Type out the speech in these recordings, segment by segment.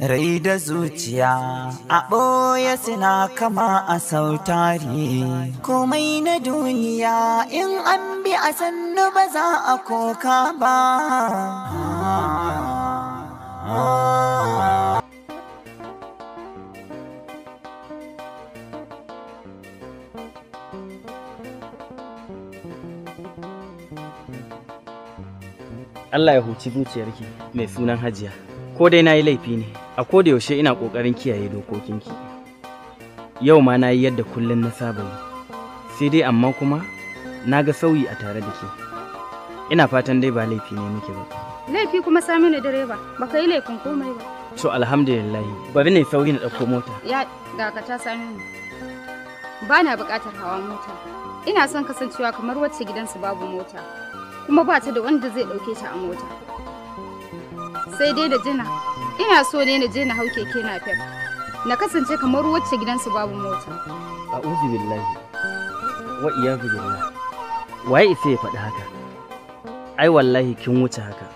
Rai da zuciya a ɓoye suna kama a sautari, komai na duniya in an bi a sannu ba za a koka ba. Allah ya huci zuciyarki mai sunan hajiya, ko dai na yi laifi ne. A da yaushe ina ƙoƙarin kiyaye dokokinki. Yau ma na yi yadda kullum na saba yi. Sai dai amma kuma na ga sauyi a tare da ke. Ina fatan dai ba laifi ne muke ba. Laifi kuma sami ne direba, ba ka yi laifin komai ba. To alhamdulillah, bari ne sauri na ɗauko mota. Ya dakata sami ne. Ba na buƙatar hawa mota. Ina son kasancewa kamar wacce gidansu babu mota. Kuma ba ta da wanda zai ɗauke ta a mota. Sai dai da jina. ina so ne na je na hau keke na fef na kasance kamar wacce gidansu babu mota a'udhu billahi wa waye ife ya faɗi haka ai wallahi kin wuce haka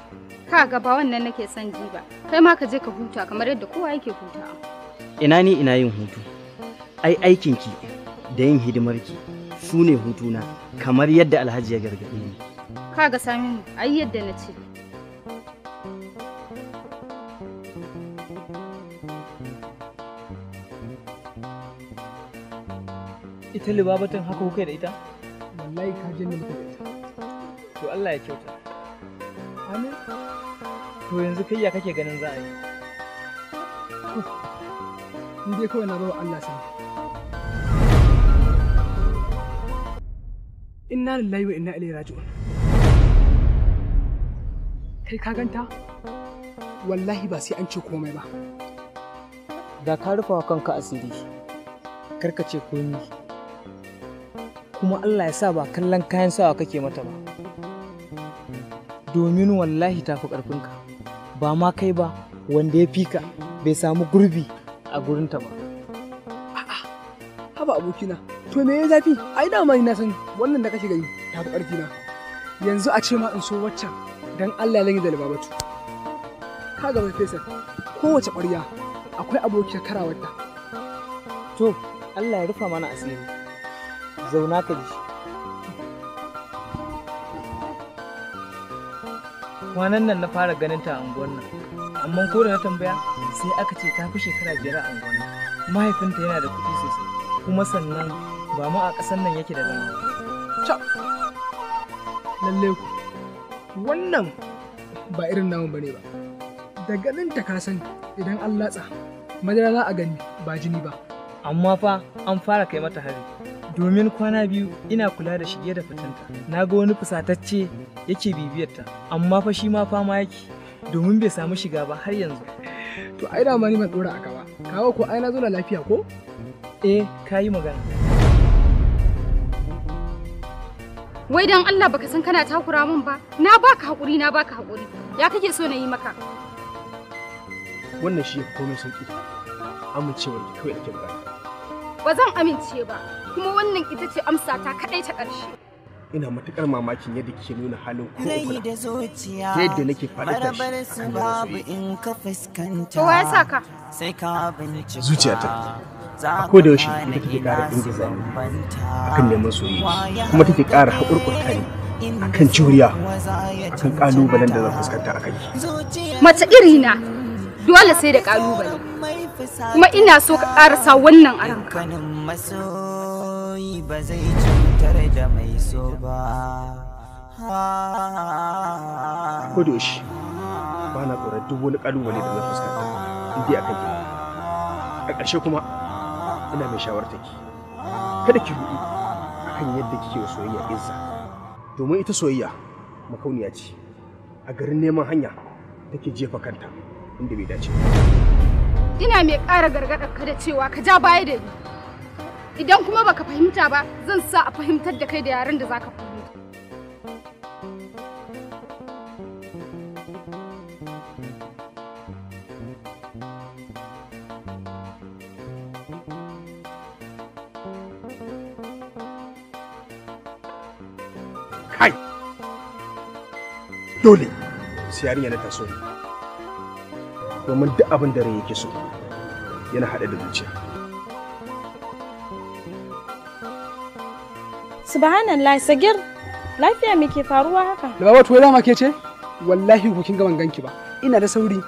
ka ga ba wannan nake son ji ba kai ma ka je ka huta kamar yadda kowa yake huta ina ni ina yin hutu ai aikinki da yin hidimarki su ne hutuna kamar yadda alhaji ya gargaɗe ni ka ga saminu ai yadda na ce ita libabatan haka kuka da ita wallahi ka ji ni muka ita to Allah ya kyauta amin to yanzu kai ya kake ganin za a yi in dai kawai na bawa Allah sai inna lillahi wa inna ilaihi raji'un kai ka ganta wallahi ba sai an ce komai ba da ka rufa kanka asiri karka ce komi kuma Allah ya sa ba kallon kayan sawa kake mata ba domin wallahi ta tafi ƙarfinka ba ma kai ba wanda ya fi ka, bai samu gurbi a gurinta ba a'a haba abokina to me ya zafi ai dama na san wannan da kake gani fi ƙarfi na yanzu a ce ma in so waccan dan Allah ya da libabatu ka ga mai fesa kowace ƙwarya akwai abokiyar karawarta to Allah ya rufa mana asiri zauna ka ji kwanan nan na fara ganin ta a nan amma ko da na tambaya sai aka ce ta fi shekara biyar a unguwan mahaifinta yana da kuɗi sosai kuma sannan ba mu a ƙasan nan yake da zama Cak! lalle ku wannan ba irin namu bane ba da ganin ta ka san idan an latsa madara za a gani ba jini ba amma fa an fara kai mata hari domin kwana biyu ina kula da shige da fitanta na ga wani fusatacce yake bibiyarta amma fa shi ma fama yake domin bai samu shiga ba har yanzu to ai da ni ban dora aka ba kawo ko ai na zo lafiya ko eh kayi magana wai dan Allah baka san kana takura min ba na baka hakuri na baka hakuri ya kake so na yi maka wannan shi komai sauki amincewa kawai ake bukata Ba zan amince ba, kuma wannan ita ce amsa ta kaɗai ta ƙarshe. Ina matuƙar mamakin yadda ke nuna halin ko da zuciya. Ta yadda nake faɗi da shi. babu in ka fuskanta. Kowa ya saka. Sai ka bincika. zuciya A ko da yaushe ita take ƙara ingiza ni akan neman soyayya kuma take ƙara haƙurƙurta ni. akan juriya akan kalubalen da zan fuskanta a kai mace irina dole sai da kalubale kuma ina so ka karasa wannan a ranka ba ba na wani kalubale da na fuskanta a akan gina a ƙarshe kuma ina mai shawarta ki kada ki ruɗu akan yadda kike wa soyayya izza domin ita soyayya makauniya ce a garin neman hanya take jefa kanta inda bai dace ina mai ƙara gargaɗa ka da cewa ka ja baya da ni idan kuma baka fahimta ba zan sa a fahimtar da kai da yaren da zaka fahimta dole sai yana na taso ne domin duk abin da rai yake so yana haɗe da zuciya subhanallah sagir lafiya me ke faruwa haka da wato ya ma ke ce wallahi ku kin ga ban ganki ba ina da sauri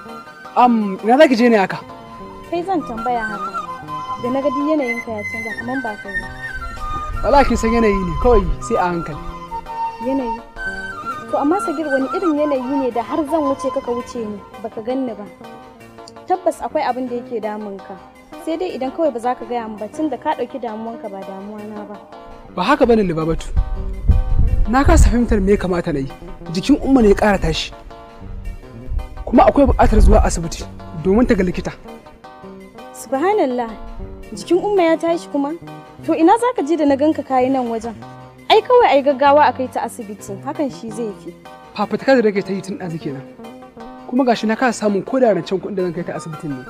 am ina zaki je ne haka kai zan tambaya haka da na gadi duk yanayin ka ya canza kaman ba kai wala kin san yanayi ne kawai sai a hankali yanayi to amma sagir wani irin yanayi ne da har zan wuce kaka wuce ni baka ganni ba tabbas akwai abin da yake damunka sai dai idan kawai ba za ka gaya ba tun da ka ɗauki damuwanka ba damuwa na ba ba haka bane libabatu na kasa fahimtar me kamata na yi jikin umma ne ya ƙara tashi kuma akwai buƙatar zuwa asibiti domin ta ga likita subhanallah jikin umma ya tashi kuma to ina za ka je da na ganka kayi nan wajen ai kawai ai gaggawa a kai ta asibiti hakan shi zai fi fafutukar da rage ta yi tun ɗazu kenan kuma gashi na kasa samun ko da rancen kuɗin da zan kai ta asibitin ne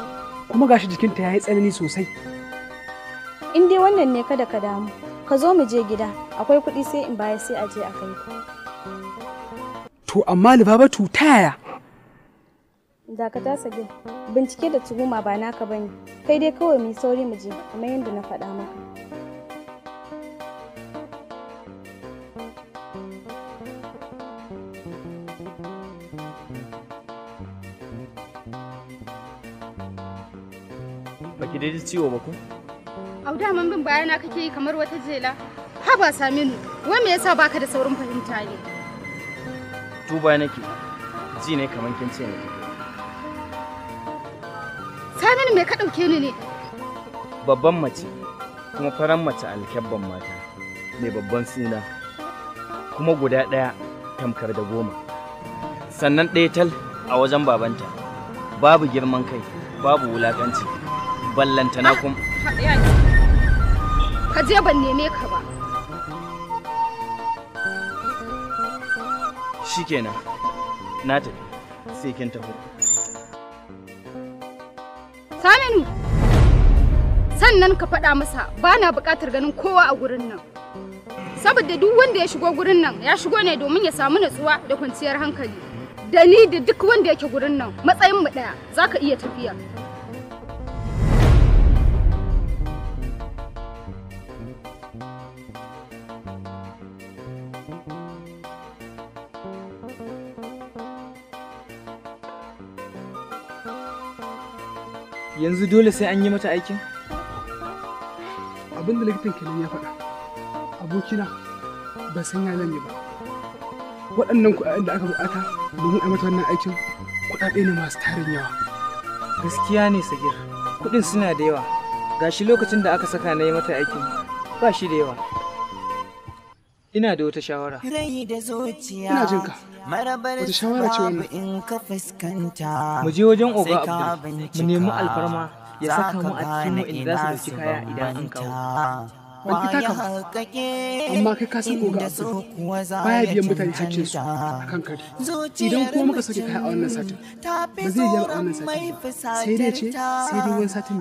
kuma gashi jikinta ya yi tsanani sosai in dai wannan ne kada ka damu ka zo mu je gida akwai kuɗi sai in baya sai a je a kai to amma libabatu ta yaya dakata sabi bincike da tuhuma ba naka bane kai dai kawai mu sauri mu je kamar yadda na faɗa maka baki daidai ciwo ba ku au daman bin bayana kake yi kamar wata jela ha ba saminu wai me yasa baka da saurin fahimta ne tuba nake ji ne kamar kin ce saminu me ka dauke ni ne babban mace kuma faran mace alkyabban mata mai babban suna kuma guda ɗaya tamkar da goma sannan ɗaya tal a wajen babanta babu girman kai babu wulaƙanci na ah, kuma ka je ban neme ka ba shikenan na tafi sai kin taho Saminu sannan ka faɗa masa ba na buƙatar ganin kowa a gurin nan saboda duk wanda ya shigo gurin nan ya shigo ne domin ya samu natsuwa da kwanciyar hankali da da duk wanda yake gurin nan matsayin mu ɗaya zaka iya tafiya yanzu dole sai an yi mata aikin abinda likitan kenan ya faɗa abokina ba san ya ne ba waɗannan kuɗaɗen da aka buƙata domin a mata wannan aikin kuɗaɗe ne masu tarin yawa gaskiya ne sagir kuɗin suna da yawa gashi lokacin da aka saka na yi mata aikin ba shi da yawa ina da wata shawara ina jinka wata shawara ce wannan mu je wajen oga abdul mu nemi alfarma ya saka mu a cikin wa'inda za su kaya idan an kawo ban fita ka ba amma kai ka san oga abu baya biyan mutane hakkin su kan kari idan ko muka sake kai a wannan satin ba zai biya a wannan satin ba sai dai ce sai dai wani satin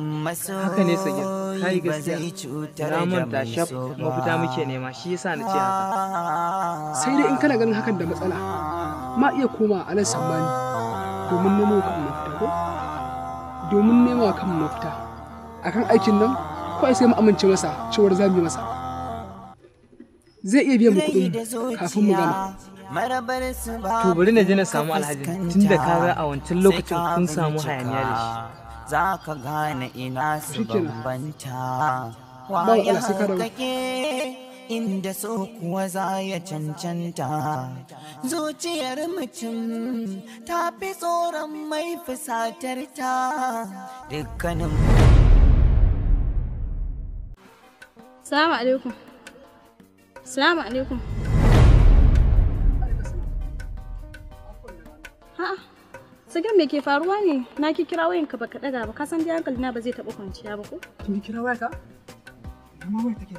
mai zuwa haka ne sagir kai gaskiya ramar da shaf mafita muke nema shi yasa na ce haka sai dai in kana ganin hakan da matsala ma iya koma a nan sammani domin nemo kan mafita ko domin nema kan mafita akan aikin nan kawai sai mu amince masa cewar za mu yi masa zai iya biyan mu kuɗin kafin mu gama to bari na je na samu alhaji tun da ka ga a wancan lokacin kun samu hayaniya da shi za ka gane ina su bambanta wa ya kake inda so kuwa za ya cancanta zuciyar mutum ta fi tsoron mai fusatar ta dukkanin Salamu alaikum. Salamu alaikum. Ha'a, sigan me ke faruwa ne? Na ki kira wayanka baka daga ba, ka san dai hankali na ba zai taba kwanciya ba ko? Kin kira wayarka? Amma waya take.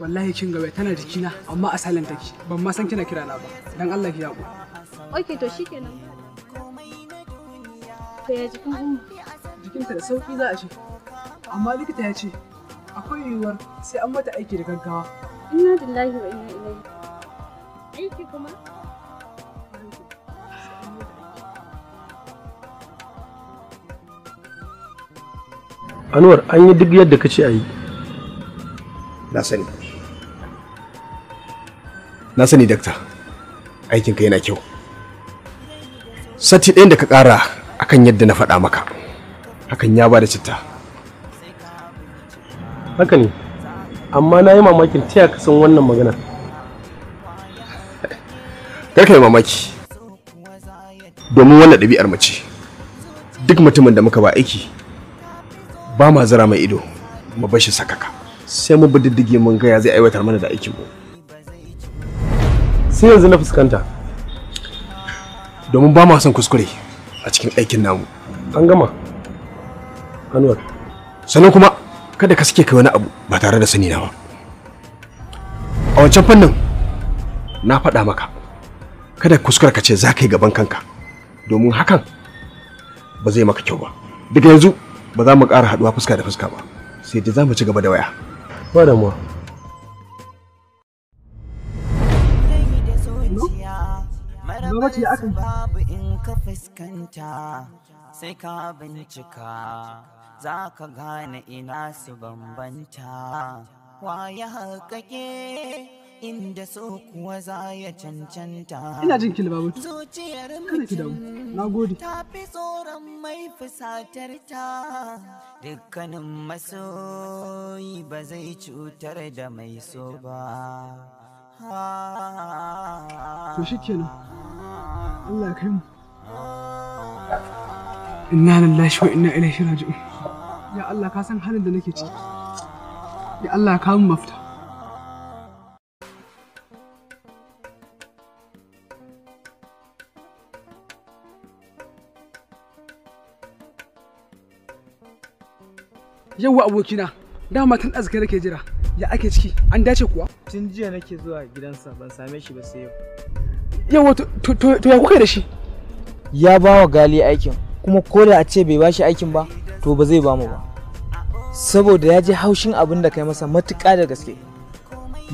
Wallahi kin ga tana jikina amma asalin take. Ban ma san kina kira na ba. Dan Allah ki yaƙo. Okay to shikenan. ka ya jikin Umma? Jikinta da sauki za a ce, amma likita ya ce akwai yiwuwar sai an mata aiki da gaggawa. Inna lillahi wa inna ilaihi. Aiki kuma? Anwar an yi duk yadda kace a yi. Na sani. Na sani dakta. Aikinka yana kyau. Sati ɗayan da ka ƙara akan yadda na faɗa maka hakan ya bada citta haka ne amma na yi mamakin taya ka san wannan magana ka yi mamaki domin wannan ɗabi'ar mace duk mutumin da muka ba aiki ba ma zira mai ido mu bashi sakaka sai mu bi diddige mun ga zai aiwatar mana da aikin mu sai yanzu na fuskanta domin ba ma son kuskure a cikin aikin namu an gama anwar sannan kuma kada ka sake kai wani abu ba tare da sani na ba a wancan fannin na faɗa maka kada kuskura ka ce za ka yi gaban kanka domin hakan ba zai maka kyau ba daga yanzu ba za mu ƙara haɗuwa fuska da fuska ba sai dai za mu ci gaba da waya ba damuwa gobe babu in ka fuskanta sai ka bincika za ka gane ina su bambanta waye haƙaƙe inda so kuwa za ya cancanta ina jin kilba zuciyar mutum na gode ta fi tsoron mai fusatar ta dukkanin masoyi ba zai cutar da mai so ba to shi kenan Allah kai mu inna lillahi wa inna ilaihi raji'un ya Allah ka san halin da nake ciki ya Allah ka mu mafita yawwa abokina dama tun azikai nake jira ya ake ciki an dace kuwa tun jiya nake zuwa gidansa ban same shi ba sai yau yawa to ya kuka da shi ya ba wa gali aikin kuma ko da a ce bai bashi aikin ba to ba zai ba ba saboda ya je haushin abin da kai masa matuƙa da gaske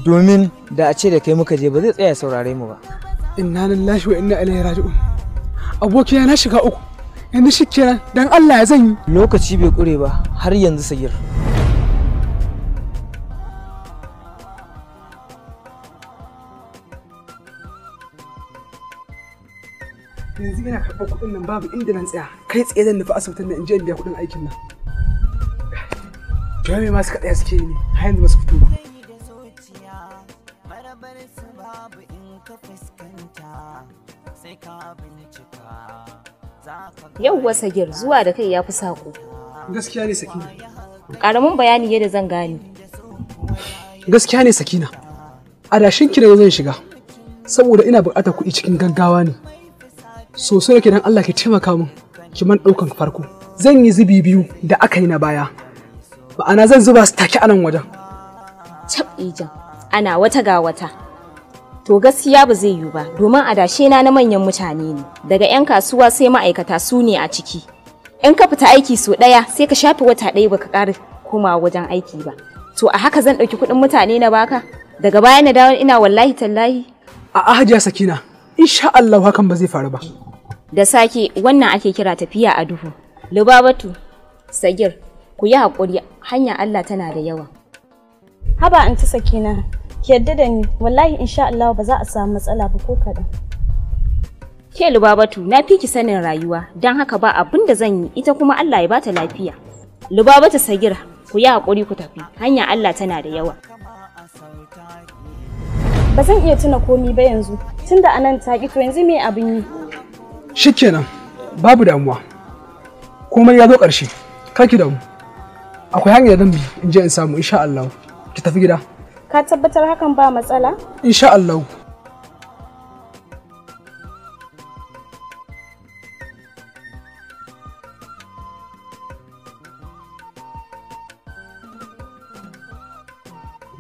domin da a ce da kai muka je ba zai tsaya saurare mu ba inna lillahi wa inna ilaihi raji'un abokina na shiga uku yanzu shikenan dan Allah ya zan yi lokaci bai kure ba har yanzu sagir yanzu yana karɓar kuɗin nan babu inda nan tsaya kai tsaye zan nufi asibitin nan in je in biya kuɗin aikin nan jami'ai masu kaɗaya suke yi ne har yanzu ba fito Yau wasa gir zuwa da kai ya fi saƙo. Gaskiya ne Sakina. Ƙaramin bayani yadda zan gane. Gaskiya ne Sakina. da shinki da zan shiga. Saboda ina buƙatar kuɗi cikin gaggawa ne. sosai yake Allah ka taimaka min ki man ɗaukan farko zan yi zubi biyu da aka yi na baya ma'ana zan zuba su take anan wajen tab ijan ana wata ga wata to gaskiya ba zai yiwu ba domin adashe na na manyan mutane ne daga 'yan kasuwa sai ma'aikata su ne a ciki in ka fita aiki so ɗaya sai ka shafi wata ɗaya baka ƙara komawa wajen aiki ba to a haka zan ɗauki kuɗin mutane na baka daga baya na dawo ina wallahi tallahi a hajiya sakina insha Allah hakan ba zai faru ba da sake wannan ake kira tafiya a duhu lubabatu sagir ku yi haƙuri hanya Allah tana da yawa haba an ta na ki yadda da ni wallahi insha Allah ba za a samu matsala ba ko kaɗan ke lubabatu na fi ki sanin rayuwa don haka ba abin da zan yi ita kuma Allah ya bata lafiya lubabatu sagir ku yi haƙuri ku tafi hanya Allah tana da yawa ba zan iya tuna komi ba yanzu tunda anan ta ki to yanzu me abin yi shikenan babu damuwa komai ya zo ƙarshe kaki damu akwai hanyar zan bi in je in samu insha Allah ki tafi gida ka tabbatar hakan ba matsala insha Allah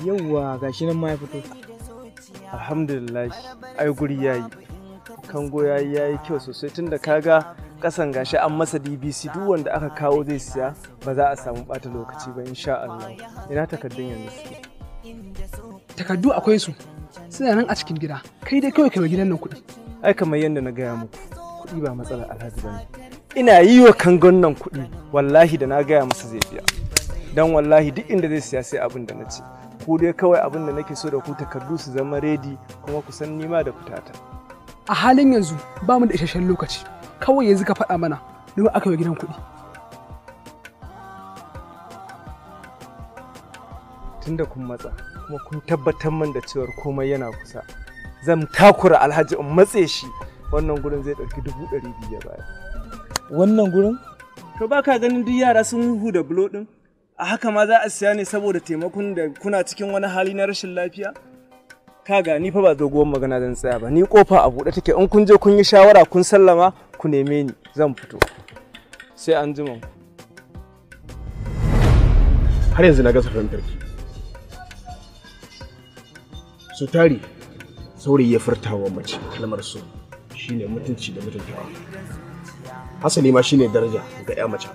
yauwa gashi nan ma ya fito alhamdulillah ai guri yayi kango yayi yayi kyau sosai tunda kaga kasan gashi an masa dbc duk wanda aka kawo zai siya ba za a samu bata lokaci ba insha Allah ina takardun yanzu takardu akwai su suna nan a cikin gida kai dai kawai kai gidan nan kuɗi ai kamar yadda na gaya muku kuɗi ba matsalar alhaji ba ina yi wa kangon nan kuɗi wallahi da na gaya masa zai biya dan wallahi duk inda zai siya sai abin da na ce ku dai kawai abin da nake so da ku takardu su zama redi kuma ku san nima da fitata a halin yanzu ba mu da isasshen lokaci kawai yanzu ka faɗa mana domin aka yi gidan kuɗi tunda kun matsa kuma kun tabbatar min da cewar komai yana kusa zan takura alhaji in matse shi wannan gurin zai ɗauki dubu ɗari biyu baya wannan gurin to ba ka ganin duk yara sun huhu da bulo ɗin a haka ma za a siya ne saboda taimakon da kuna cikin wani hali na rashin lafiya kaga ni fa ba doguwar magana zan tsaya ba ni kofa a buɗe take in kun je kun yi shawara kun sallama ku neme ni zan fito sai an jima har yanzu na ga fahimtar tarki su tari saurayi ya furtawa mace kalmar su shine mutunci da mutuntawa hasali ma shine daraja ga ya mace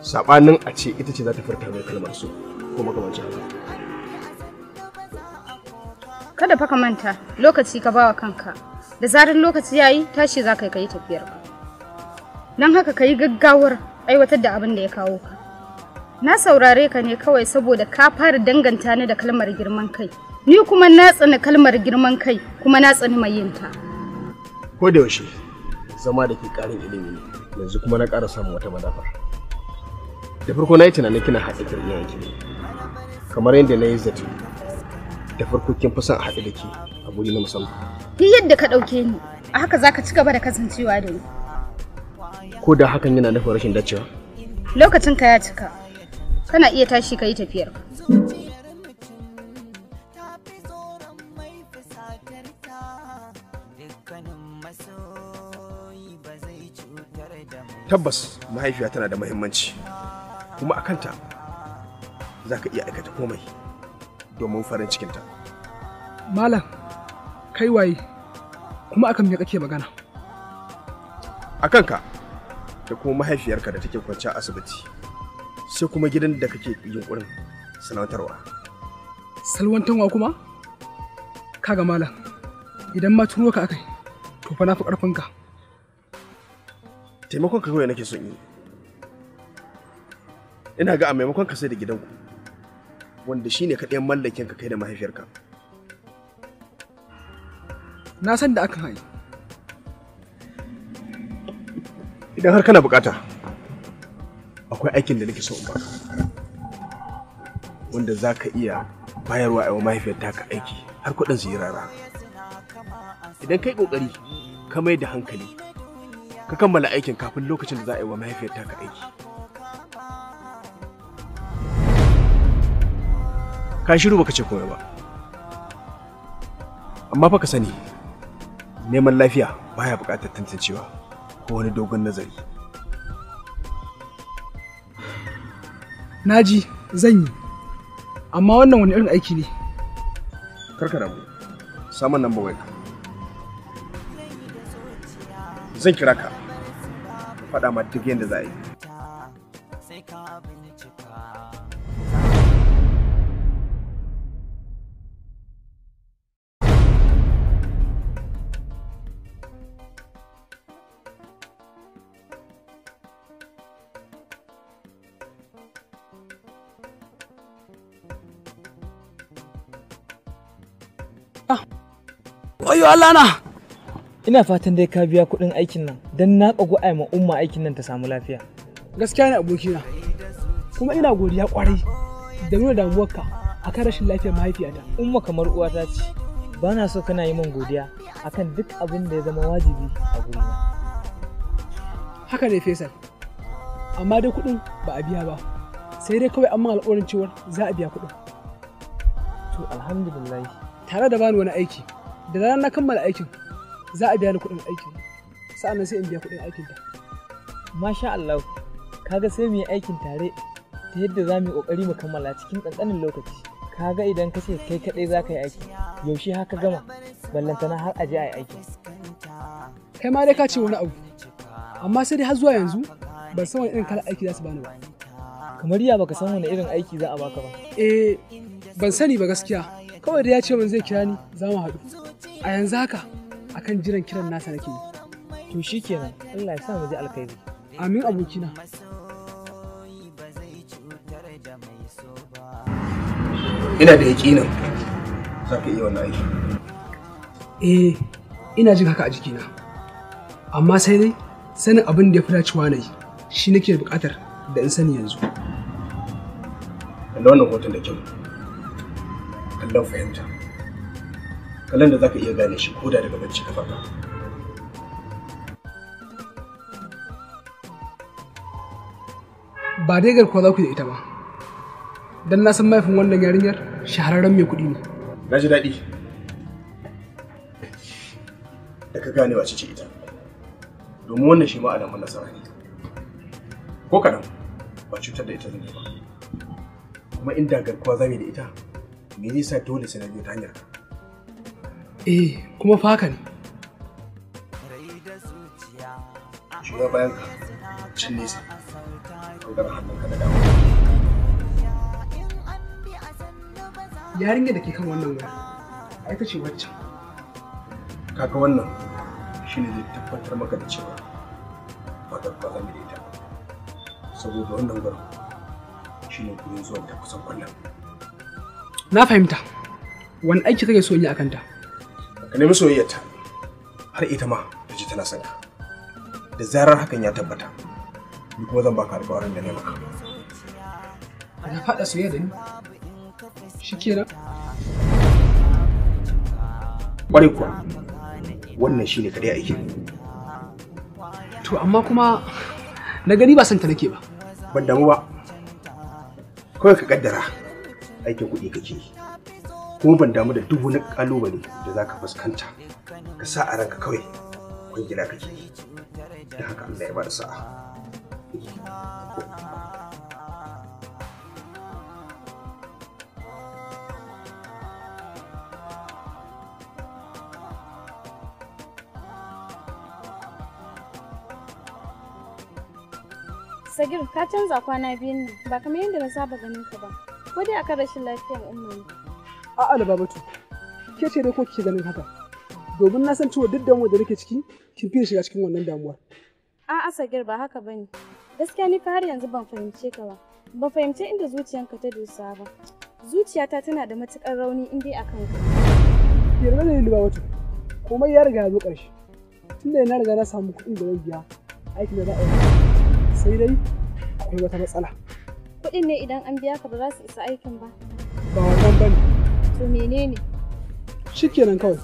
sabanin a ce ita ce za ta furta mai kalmar su ko makamancin haka kada fa ka manta lokaci ka bawa kanka da zarar lokaci yayi tashi za ka yi tafiyar ka don haka ka yi gaggawar aiwatar da abin da ya kawo ka na saurare ka ne kawai saboda ka fara danganta ni da kalmar girman kai ni kuma na tsani kalmar girman kai kuma na tsani mai yinta ko da yaushe zama da ke karin ilimi ne yanzu kuma na ƙara samun wata madafa da farko na yi tunanin kina haɗe kirɗin yanki kamar yadda na yi zato da farko kin fi son a haɗe da ke a guri na musamman Ni yadda ka ɗauke ni a haka za ka ci gaba da kasancewa da ni ko da hakan yana nufin rashin dacewa lokacin ka ya cika kana iya tashi ka yi tafiyar tabbas mahaifiya tana da muhimmanci kuma a kanta za ka iya aikata komai domin farin cikinta. Malam, kai waye kuma akan me kake magana? A kanka da kuma mahaifiyarka da take kwanciya asibiti sai kuma gidan da kake yunkurin salwantarwa. Salwantarwa kuma? Kaga malam, idan ma turo ka akai, to fa na fi ƙarfinka. Taimakon ka kawai nake son yi. ina ga a maimakon ka sai da gidanku wanda shine ɗayan mallakin ka kai da mahaifiyarka na san da aka haye idan har kana bukata akwai aikin da nake so in baka wanda za ka iya bayarwa a mahaifiyar ka aiki har kuɗin rara. idan kai kokari ka mai da hankali ka kammala aikin kafin lokacin da za a yi wa mahaifiyar ka aiki ka shiru baka ce komai ba amma fa ka sani neman lafiya baya buƙatar tantancewa ko wani dogon nazari naji zan yi amma wannan wani irin aiki ne karka mu saman nan bawai zan kira ka faɗa ma duk yadda za a yi ayo Allah na ina fatan dai ka biya kuɗin aikin nan don na ƙago a umma aikin nan ta samu lafiya gaskiya ne abokina kuma ina godiya kwarai da nuna damuwarka akan rashin lafiyar mahaifiyata umma kamar uwata ce ba na so kana yi min godiya akan duk abin da ya zama wajibi a gurina haka ne fesar amma dai kuɗin ba a biya ba sai dai kawai an amma alƙawarin cewa za a biya kuɗin to alhamdulillah tare da bani wani aiki da rana na kammala aikin za a biya ni kuɗin aikin sa'annan sai in biya kuɗin aikin ta masha Allah kaga sai mu yi aikin tare ta yadda za mu yi ƙoƙari mu kammala cikin ƙanƙanin lokaci kaga idan ka ce kai kaɗai za ka yi aiki yaushe haka gama ballantana har aje a yi aiki kai ma dai ka ce wani abu amma sai dai har zuwa yanzu ban san wani irin kalar aiki za su bani ba kamar ya baka san wani irin aiki za a baka ba eh ban sani ba gaskiya kawai da ya ce min zai kira ni za mu haɗu a yanzu haka akan jiran kiran nasa nake yi to shikenan Allah ya sa mu ji amin abokina ina da yaƙinin za ka iya wani aiki eh ina jin haka a jikina amma sai dai sanin abin da ya fi dacewa na yi shi nake buƙatar da in sani yanzu da wannan hoton da kyau kallon fahimta kallon da za ka iya gane shi ko da daga bacci ka farka ba dai garkuwa za ku da ita ba don na san mahaifin wannan yarinyar shahararren mai kuɗi ne na ji daɗi da ka gane wace ce ita domin wannan shi ma alamun nasara ne ko kaɗan ba cutar da ita zan ba kuma inda garkuwa zamu da ita me yasa sa dole sai na biyo ta hanyar eh kuma fa haka ne shiga bayan ka cin nesa ɗaukar hannunka da dama yarinya da ke kan wannan waya ai ta ce waccan Kaka wannan shine zai tabbatar maka da cewa ba ta ba zan ita saboda wannan shi shine gurin zuwa ta kusan kullum Na fahimta. Wani aiki kake so yi a kanta? Ka nemi soyayyarta. Har ita ma ta ji tana son Da zarar hakan ya tabbata. Ni kuma zan baka alƙawarin da na maka. faɗa soyayya da ni? Shi kenan. Ƙwarai kuwa. Wannan shi ne kaɗai aiki. To amma kuma na gani ba son ta nake ba. Ban damu ba. Kawai ka ƙaddara. aikin kuɗi kake yi kuma ban damu da duk wani kalubale da za ka fuskanta ka sa a ranka kawai kwangila kake yi da haka Allah ya bada sa'a Sagir, ka canza kwana biyun nan ba kamar yadda na saba ganin ka ba. ko dai akan rashin lafiyar umman a alababatu ke ce dai ko kike ganin haka domin na san cewa duk da nake ciki kin fi shiga cikin wannan damuwar a asagir ba haka bane gaskiya ni fa har yanzu ban fahimce ka ba Ba fahimce inda zuciyanka ta dosa ba zuciyata tana da matukar rauni in dai akan ka yarda da liba wata komai ya riga ya zo ƙarshe tunda na riga na samu kuɗin da zan biya aikin da za a yi sai dai akwai wata matsala kuɗin ne idan an biya ka ba za su isa aikin ba. Ba wannan ba ne. To menene? Shi kenan kawai.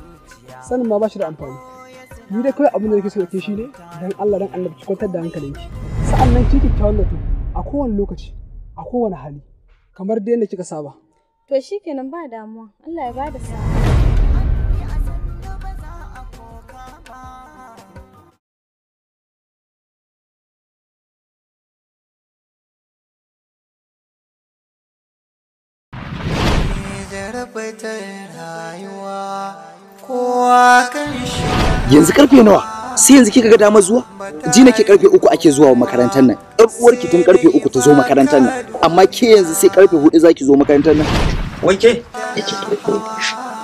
Sanin ma ba shi da amfani. Ni dai kawai abin da nake so ke shi ne dan Allah dan Allah ki kwantar da hankalinki. Sa'an nan ki kyakkyawan lato a kowane lokaci a kowane hali kamar dai yadda kika saba. To shi kenan ba damuwa. Allah ya bada sa'a. yanzu karfe nawa sai yanzu kika ga dama zuwa ji nake karfe uku ake zuwa wa makarantar nan ɗan uwarki tun karfe uku ta zo makarantar nan amma ke yanzu sai karfe hudu zaki zo makarantar nan wai ke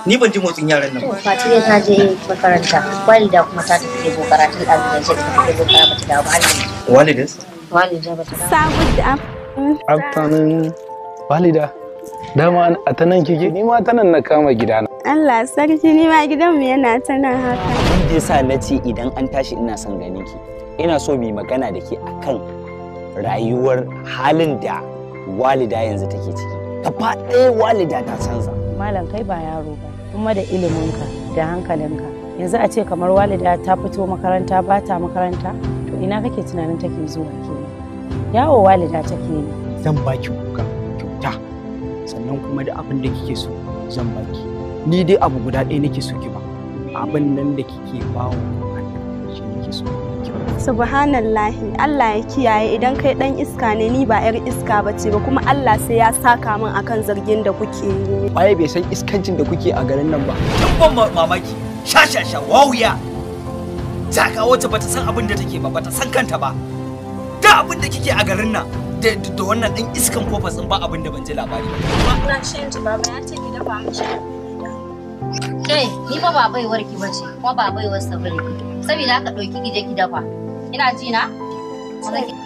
ni ban ji motsin yaran nan ba. Fatiya ta je makaranta walida kuma ta tafi zo karatun zai ce ta tafi ko karatu da ba walida walida ba ta da Amfanin walida Dama a ta nan kike ni ma ta nan na kama gidana. Allah sarki ni ma mu yana ta nan haka. Duk da sa na ce idan an tashi ina son ganin ki. Ina so mu magana da ke akan rayuwar halin da walida yanzu take ciki. Gaba ɗaya walida ta canza. Malam kai ba yaro ba kuma da iliminka da hankalinka. Yanzu a ce kamar walida ta fito makaranta ba ta makaranta to ina kake tunanin take zuwa kenan. Yawo walida take ne. Zan baki kuka. sannan kuma da abin da kike so zan baki ni dai abu guda ɗaya nake so ki ba abin nan da kike bawo shi nake so subhanallahi Allah ya kiyaye idan kai dan iska ne ni ba yar iska ba ce ba kuma Allah sai ya saka min akan zargin da kuke yi waye bai san iskancin da kuke a garin nan ba tabban mamaki sha sha sha wawuya zaka wacce bata san abin da take ba bata san kanta ba da abin da kike a garin nan da wannan ɗan iskan kofas ɗin ba abin da ban ji labari ba. Na shi yanzu baba ya ce ki dafa mishi. Kai, ni fa ba baiwar ki bace, kuma ba baiwar sa bane. Saboda haka ɗauki ki ki dafa. Ina ji na?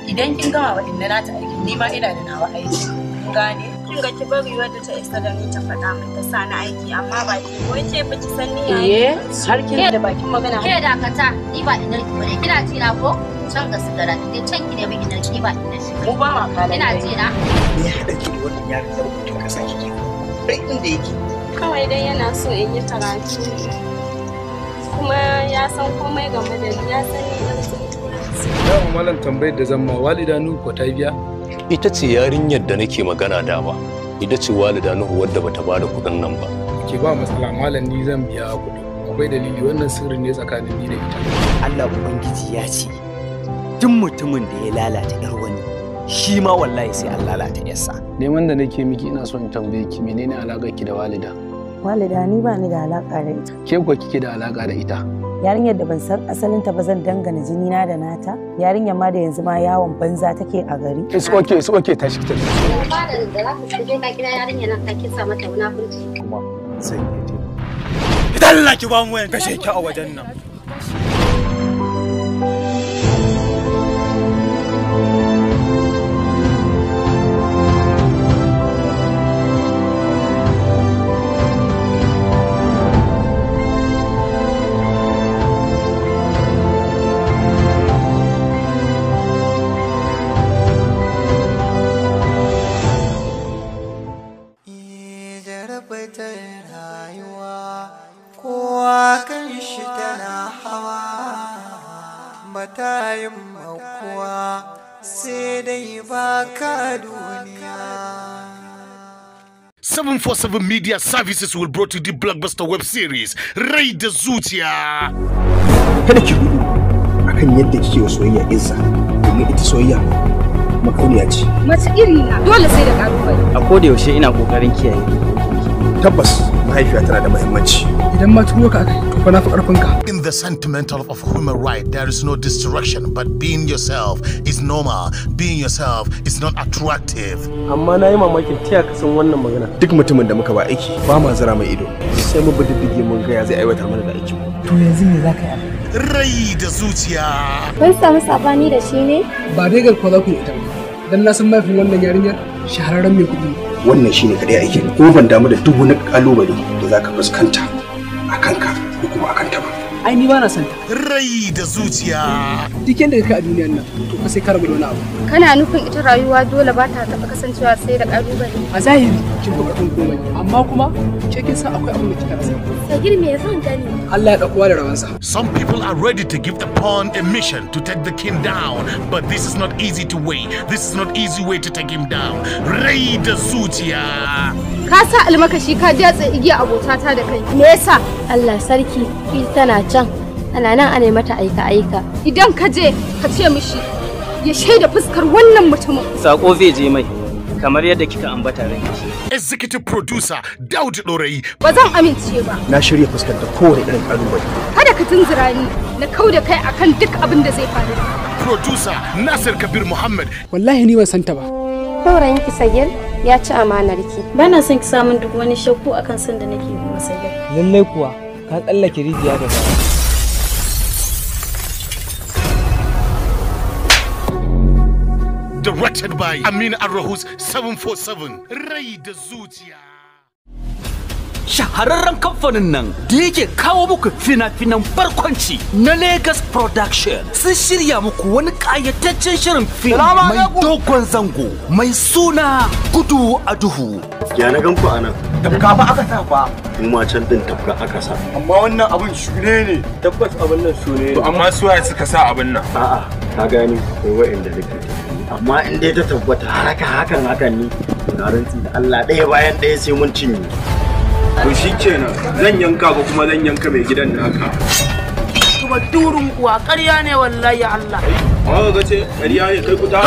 Idan kin gama waɗannan nata aikin, ni ma ina da nawa aiki. Gane? kin ga ki bari wadda ta isa da ni ta faɗa min ta sa ni aiki amma ba ki ko ce ba ki san ni yayi eh, har kin da bakin magana ke da kata ni ba inar ki bane kina ji na ko can ga sigara ne can ki ne ba inar ki ba inar ki mu ba ma kala kina ji na ni hada ki da wannan yaron da mutum ka saki ki dai inda yake kawai dai yana so in yi karatu kuma ya san komai game da ni ya san ni irin su Yawon malam tambayar da zama, ma walida nuku ta biya ita ce yarinyar da nake magana dama ita ce walida nuhu wadda bata ba da kuɗin nan ba ki ba matsala malam ni zan biya kuɗi akwai dalili wannan sirri ne tsakanin ni da ita Allah ubangiji ya ce duk mutumin da ya lalata yar wani shi ma wallahi sai an lalata yarsa neman da nake miki ina son tambaye ki menene alaƙar ki da walida walida ni ba ni da alaƙa da ita ke kuwa kike da alaƙa da ita yarinyar da ban san asalinta ba zan dangana jini na da nata yarinyar ma da yanzu ma yawon banza take a gari it's okay it's okay tashi ki tafi ba da da za ka je ka kira yarinyar nan ka kisa mata munafurci kuma sai ki ce idan Allah ba mu yan kashe ki a wajen nan 747 Media Services will brought you the blockbuster web series Raid the Zutia. Kada ki gudu akan yadda kike wa soyayya Izza domin ita soyayya makauniya ce. Mace iri na dole sai da ƙalubale. A koda yaushe ina ƙoƙarin kiyaye. Tabbas mahaifiya tana da muhimmanci. Idan ma turo ka aka fa na in the sentimental of human right there is no distraction but being yourself is normal being yourself is not attractive amma na yi mamakin taya ka san wannan magana duk mutumin da muka ba aiki ba ma zira mai ido sai mu bi diddige mun ga ya zai aiwatar mana da aiki to yanzu me ka yi rai da zuciya kun samu sabani da shi ne ba dai garkuwa za ku yi ita dan na san wannan yarinyar shahararren mai kuɗi wannan shine kadai aikin ko ban damu da duk wani kalubale da ka fuskanta a kanka ai ni ba na son ta rai da zuciya duk yanda ka a duniyar nan to ka sai ka rabu da wani abu kana nufin ita rayuwa dole ba ta taɓa kasancewa sai da ƙalubale a zahiri kin kun komai amma kuma ke kin san akwai abin da kika rasa girme me zan gani Allah ya dauko da rawansa some people are ready to give the pawn a mission to take the king down but this is not easy to way this is not easy way to take him down rai da zuciya ka sa almakashi ka jatsa igiya abotata da kai me yasa Allah sarki tana can ana nan ana mata aika-aika. Idan ka je ka ce mishi ya shaida fuskar wannan mutumin. Sako zai je mai kamar yadda kika ambata ranki. Executive producer Daud Dorayi. Ba zan amince ba. Na shirya fuskar da irin kalubale. Kada ka tunzura ni na kau da kai akan duk abin da zai faru. Producer Nasir Kabir Muhammad. Wallahi ni ban santa ba. ki Sagir ya ci amanar ki. Bana son ki samun duk wani shakku akan san da nake yi masa Lallai kuwa ka tsallake rijiya da baya Directed by Amin Arrohus 747 Rai da Zuciya. shahararren kamfanin nan da yake kawo muku fina-finan barkwanci na Lagos Production sun shirya muku wani kayataccen shirin fim mai dogon zango mai suna gudu a duhu. Ya na ganku a nan. Tafka ba aka sa ba. ma can din tafka aka sa. Amma wannan abin shune ne. Tabbas abin nan shune ne. Amma su waye suka sa abin nan. A'a, ka gani ko wa'inda nake amma in dai ta tabbata haraka hakan hakan ne Garanti da Allah ɗaya bayan ɗaya sai mun cinye To shi kenan zan yanka ba kuma zan yanka mai gidan naka. Kuma durin kuwa ƙarya ne wallahi Allah. Amma ga ce ƙarya ne kai kuta.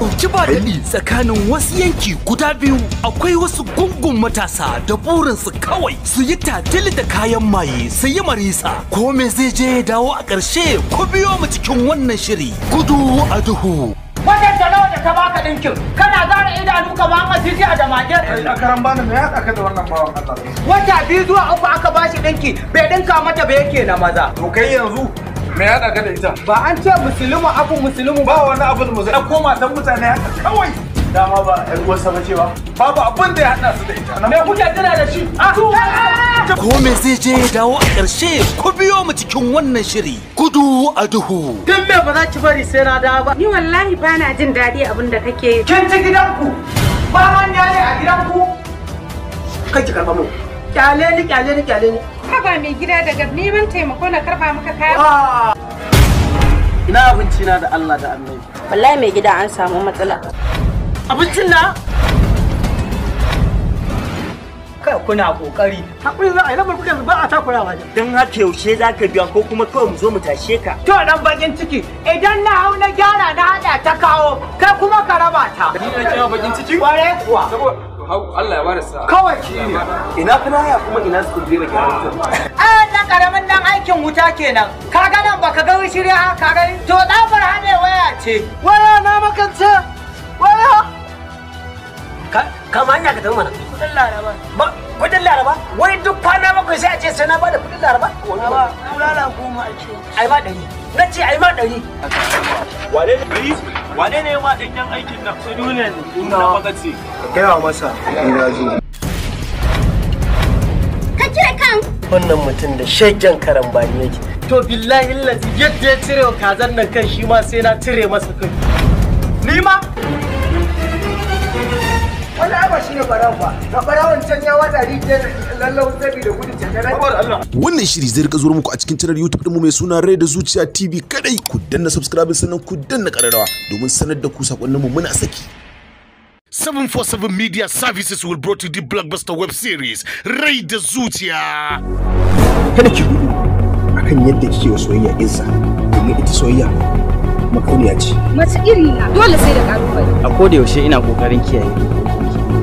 Ɗauki ba daɗi tsakanin wasu yanki guda biyu akwai wasu gungun matasa da burinsu kawai su yi tatili da kayan maye su yi marisa ko me zai je ya dawo a ƙarshe ku biyo mu cikin wannan shiri gudu a duhu. Wajen ta baka dinkin kana gara idanu ka ma masiji a jamage a karan bani me ya tsaka da wannan bawan Allah wata biyu zuwa uku aka bashi ɗinki, bai ɗinka mata ba yake na maza to kai yanzu me ya tsaka da ita ba an ce musulmi abu musulmi ba wani abu musulmi koma matan mutane kawai dama ba ƴar uwarsa ba ce ba babu abin da ya haɗa su da ita me kuke tana da shi ah! ko me zai je ya dawo a ƙarshe ku biyo mu cikin wannan shiri gudu a duhu tun me ba za ki bari sai na dawo ba ni wallahi ba na jin daɗi abin da kake kin ci gidanku ba manya ne a gidanku kai ki karɓa mu kyale ni kyale ni kyale ni haba mai gida daga neman taimako na karɓa maka kaya ina abinci na da Allah da annabi wallahi mai gida an samu matsala abincin na kai kuna kokari hakuri za a yi lamar kudin ba a takurawa ne don haka yaushe za ka biya ko kuma kawai mu zo mu tashe ka to dan bakin ciki idan na hau na gyara na hada ta kawo kai kuma ka raba ta ni na kira bakin ciki kware kuwa Allah ya bada sa kawai ki ne ina ya kuma ina su da gyara a na karamin nan aikin wuta kenan ka ga nan baka ga shirya ka ga to dabar hane waya ce waya na makanta kama hanya ka tafi mana kudin laraba ba kudin laraba wai duk kwana bakwai sai a ce sai na bada kudin laraba ba kulala goma ce. ai ma ɗari na ce ai ma ɗari. wane ne dari wane ne ma danyen aikin nan sai ne ina magaci gaya masa ina zo ka ce kan wannan mutum da shaggen karambani yake to billahi lati yadda ya cire wa kazan nan kan shi ma sai na cire masa kai ni ma wani ba shi ne barawa ba ga barawan can ya wata rijiyar lallau da gudun canjarar wannan shiri zai rika zuwa muku a cikin channel youtube ɗinmu mai suna rai da zuciya tv kadai ku danna subscribe sannan ku danna kararrawa domin sanar da ku mu muna saki 747 Media Services will brought to the blockbuster web series Rai da Zuciya. Kada ki gudu akan yadda kike wa soyayya insa domin ita soyayya makauniya ce. Mace iri na dole sai da ƙalubale. A koda yaushe ina ƙoƙarin kiyaye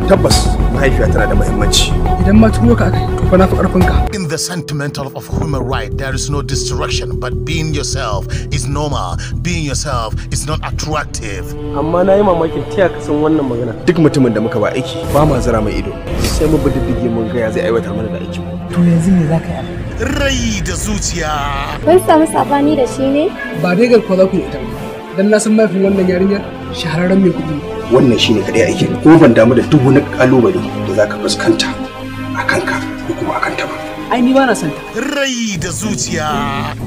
tabbas mahaifiya tana da muhimmanci idan ma turo ka kai to fa na fi karfin ka in the sentimental of human right there is no distraction but being yourself is normal being yourself is not attractive amma na yi mamakin tiya ka san wannan magana duk mutumin da muka ba aiki ba ma zira mai ido sai mu bi diddige mun ga ya zai aiwatar mana da aiki to yanzu me zaka yi rai da zuciya kun samu sabani da shi ne ba dai garkwa za ku yi ita dan na san mafi wannan yarinyar shahararren mai kuɗi wannan shine kadai aikin ko ban damu da duk wani kalubale da zaka fuskanta a kanka ai ni ba na son ta rai da zuciya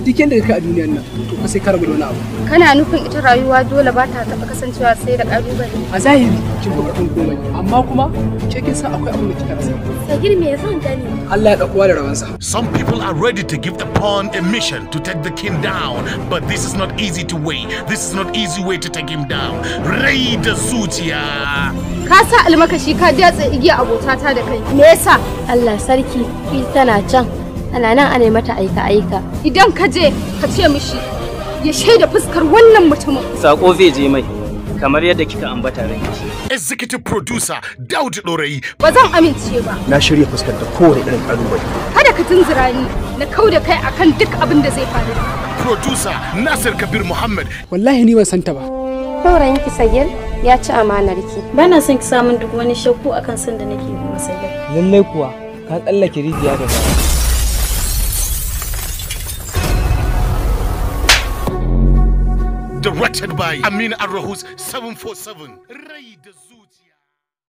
duk yanda kake a duniyar nan to ka sai ka rabu da wani abu kana nufin ita rayuwa dole ba ta taɓa kasancewa sai da ƙalubale a zahiri kin ba ƙarfin komai amma kuma ke kin san akwai abin da kika rasa sagir me zan gani Allah ya ɗauko da rawansa some people are ready to give the pawn a mission to take the king down but this is not easy to way this is not easy way to take him down rai da zuciya ka sa almakashi ka datse igiya abotata da kai me yasa Allah sarki tana can ana nan ana mata aika-aika. Idan ka je ka ce mishi ya shaida fuskar wannan mutumin. Sako zai je mai kamar yadda kika ambata rai. Executive producer Daud Dorayi. Ba zan amince ba. Na shirya fuskantar kowane irin kalubale. Kada ka tunzura ni na kau da kai akan duk abin da zai faru. Producer Nasir Kabir Muhammad. Wallahi ni ban santa ba. ki Sagir ya ci amanar ki. Bana son ki samun duk wani shakku akan san da nake yi Sagir. Lallai kuwa ka tsallake rijiya da baya Directed by Amin Arrohus 747.